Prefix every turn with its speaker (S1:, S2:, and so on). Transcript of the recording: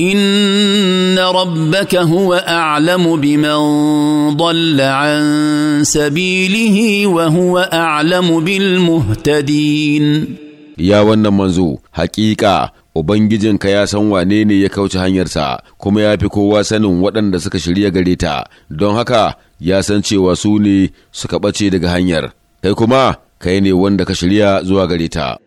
S1: ان ربك هو اعلم بمن ضل عن سبيله وهو اعلم بالمهتدين
S2: يا wannan manzo haƙiƙa ubangijinka ya san wane ne ya kauce hanyarsa kuma ya fi kowa sanin waɗanda suka shirya gare ta don haka ya san cewa su ne suka ɓace daga hanyar kai kuma kai ne wanda ka shirya zuwa
S3: gare ta